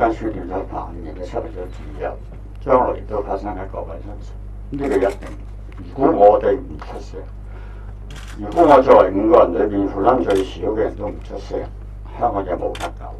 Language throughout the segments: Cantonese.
間斷咗八年就七百九廿日，將來都發生喺各位身上。呢個一定，如果我哋唔出聲，如果我作為五個人裏面負擔最少嘅人都唔出聲，香港就冇得救。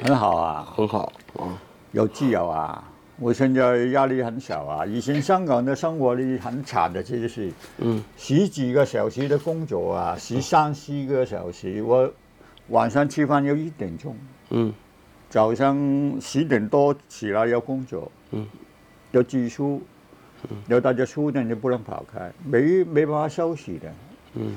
很好啊，很好，嗯、有自由啊！我現在壓力很小啊，以前香港的生活裏很慘的，即係，嗯，十幾個小時的工作啊，十三四個小時，我晚上吃飯要一點鐘，嗯，早上十點多起來要工作，嗯，要寄書，要、嗯、大家書呢就不能跑開，沒沒辦法休息的，嗯。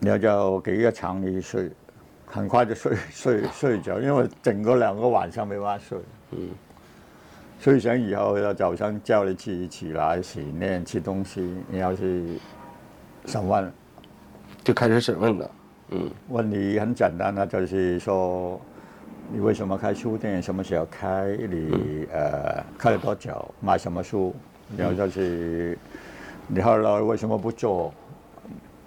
然後就給一個廠裏睡，很快就睡睡睡着，因為整個兩個晚上沒法睡。嗯，睡醒以、以後要早上叫你起起來洗面吃東西，然後去審問，就開始審問了。嗯，問你很簡單呢，就是說你為什麼開書店，什麼時候開你，呃，開了多久，賣什麼書，然後就是、嗯、你後來為什麼不做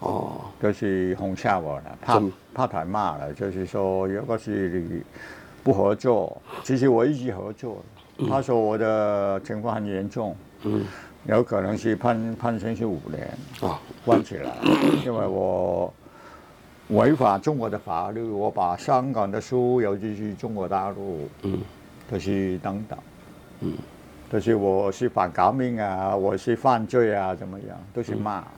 哦，就是哄吓我了，怕、嗯、怕他罵了，就是說，如果是你不合作，其實我一直合作。嗯、他說我的情況很嚴重，嗯、有可能是判判刑是五年，啊，關起來，因為我，、嗯、我違反中國的法律，我把香港的書，尤其是中國大陸，嗯，都、就是等等，嗯，都、就是我是反革命啊，我是犯罪啊，怎麼樣，都是罵、嗯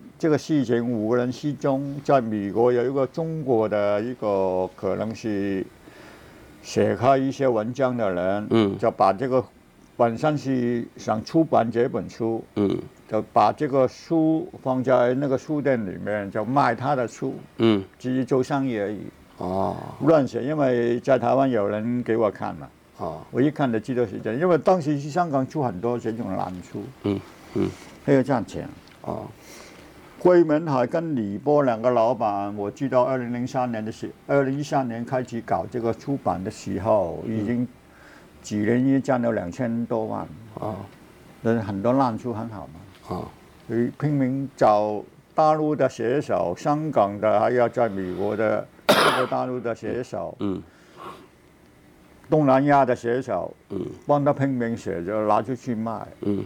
這個事情五個人失蹤，在美國有一個中國的一個可能是寫開一些文章的人，嗯、就把這個本身是想出版這本書、嗯，就把這個書放在那個書店裡面就賣他的書，嗯、只是做生意而已。哦，亂寫，因為在台灣有人給我看了，哦，我一看就知道是這樣，因為當時係香港出很多這種爛書，嗯嗯，可以賺錢。哦。桂民海跟李波兩個老闆，我知道二零零三年的時，二零一三年開始搞這個出版的時候，已經幾年已經賺了兩千多萬啊，嗯！很多爛書很好嘛。啊、嗯，佢拼命找大陸的寫手，香港的，還要在美國的、在、這個、大陸的寫手。嗯。東南亞的寫手。嗯。幫他拼命寫著拿出去賣。嗯。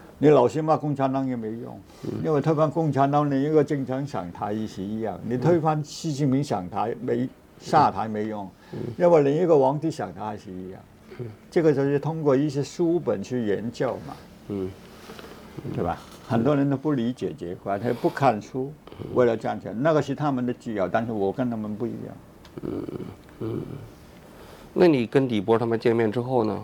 你老是罵共產黨也沒用，嗯、因為推翻共產黨，你一個正常上台也是一樣、嗯。你推翻習近平上台，沒下台沒用。要、嗯嗯、因你另一個皇帝上台也是一樣、嗯。這個就是通過一些書本去研究嘛。嗯，嗯對吧嗯？很多人都不理解這一塊，他不看書。為了賺錢，那個是他們的自由，但是我跟他們不一樣。嗯嗯。那你跟李波他們見面之後呢？